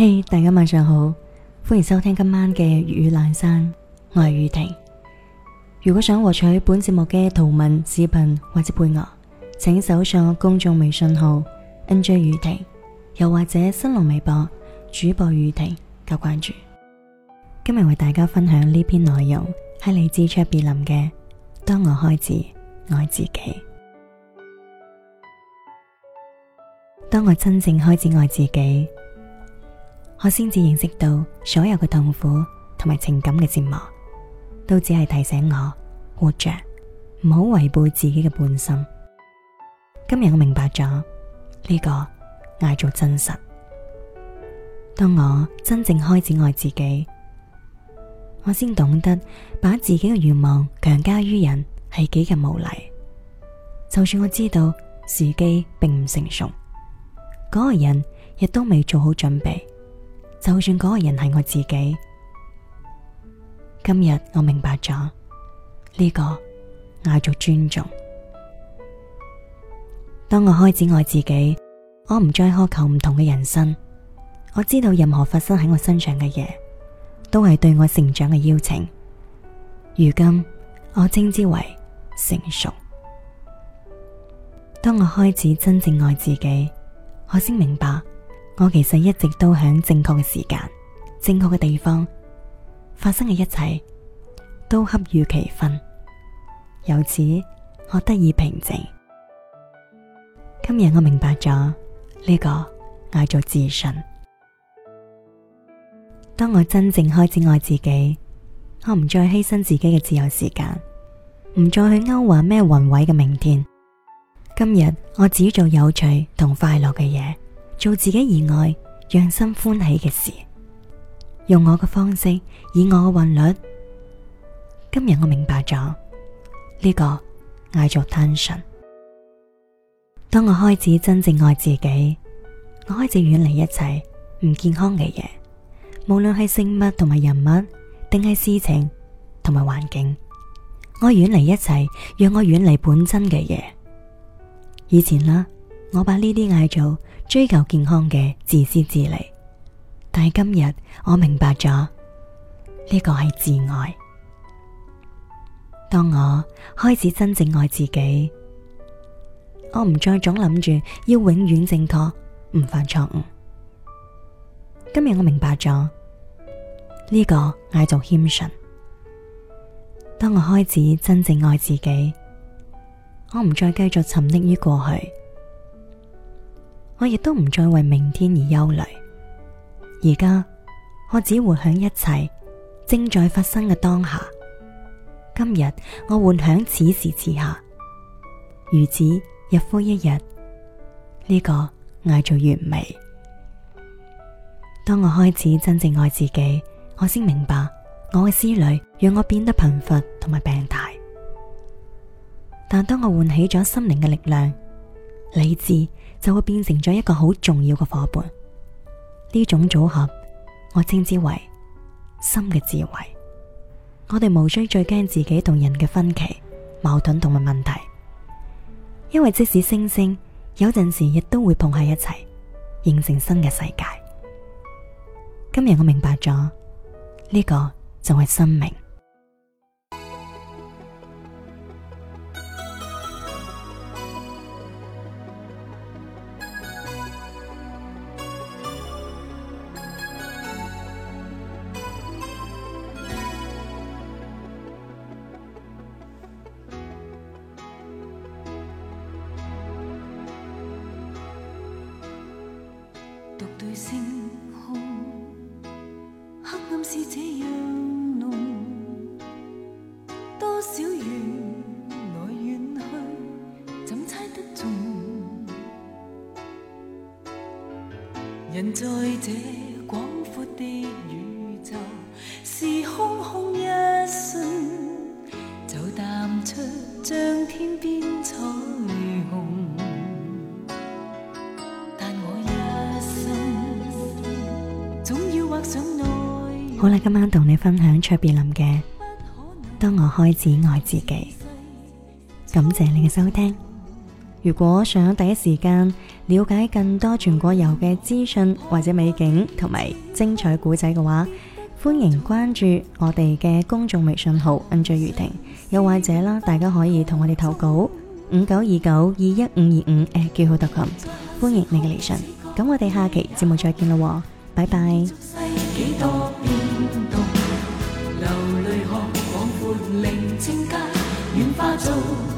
嘿，hey，大家晚上好，歡迎收聽今晚嘅粵語闌珊，我係雨婷。如果想獲取本節目嘅圖文視頻或者配樂，請搜索公眾微信號 n j 雨婷，又或者新浪微博主播雨婷加關注。今日為大家分享呢篇內容係嚟自卓別林嘅《當我開始愛自己》。當我真正開始愛自己。我先至認識到，所有嘅痛苦同埋情感嘅折磨，都只係提醒我活着，唔好違背自己嘅本心。今日我明白咗呢、這個嗌做真實。當我真正開始愛自己，我先懂得把自己嘅願望強加於人係幾咁無禮。就算我知道時機並唔成熟，嗰、那個人亦都未做好準備。就算嗰個人係我自己，今日我明白咗呢個嗌做尊重。當我開始愛自己，我唔再苛求唔同嘅人生。我知道任何發生喺我身上嘅嘢，都係對我成長嘅邀請。如今我稱之為成熟。當我開始真正愛自己，我先明白。我其實一直都喺正確嘅時間、正確嘅地方發生嘅一切都恰如其分，由此我得以平靜。今日我明白咗呢、這個叫做自信。當我真正開始愛自己，我唔再犧牲自己嘅自由時間，唔再去勾畫咩宏偉嘅明天。今日我只做有趣同快樂嘅嘢。做自己熱愛，讓心歡喜嘅事，用我嘅方式，以我嘅韻律。今日我明白咗呢個嗌做單純。當我開始真正愛自己，我開始遠離一切唔健康嘅嘢，無論係食物同埋人物，定係事情同埋環境。我遠離一切，讓我遠離本真嘅嘢。以前啦，我把呢啲嗌做。追求健康嘅自私自利，但係今日我明白咗呢個係自愛。當我開始真正愛自己，我唔再總諗住要永遠正確，唔犯錯誤。今日我明白咗呢個嗌做謙遜。當我開始真正愛自己，我唔再繼續沉溺於過去。我亦都唔再為明天而憂慮，而家我只活響一切正在發生嘅當下。今日我活響此時此刻，如此日復一日，呢個叫做完美。當我開始真正愛自己，我先明白我嘅思慮讓我變得貧乏同埋病態。但當我喚起咗心靈嘅力量、理智。就會變成咗一個好重要嘅伙伴，呢種組合我稱之為心嘅智慧。我哋無需再驚自己同人嘅分歧、矛盾同埋問題，因為即使星星有陣時亦都會碰喺一齊，形成新嘅世界。今日我明白咗，呢個就係生命。在這廣闊的宇宙，是空空一瞬，就淡出，像天邊彩虹。但我一生，總要劃上。好啦，今晚同你分享卓別林嘅《當我開始愛自己》，感謝你嘅收聽。如果想第一時間了解更多全國遊嘅資訊或者美景同埋精彩故仔嘅話，歡迎關注我哋嘅公眾微信號恩聚如婷。又或者啦，大家可以同我哋投稿五九二九二一五二五誒，叫好特琴，歡迎你嘅嚟信。咁我哋下期節目再見咯，拜拜。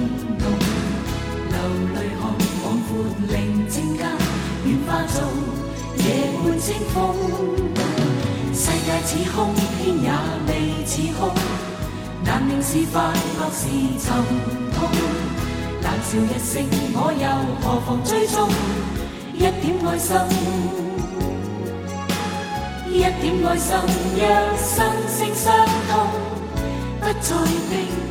寧靜間，願化做夜半清風。世界似空，天也未似空，難明是快樂是沉痛。冷笑一聲，我又何妨追蹤一點愛心，一點愛心，讓心聲相通，不再定。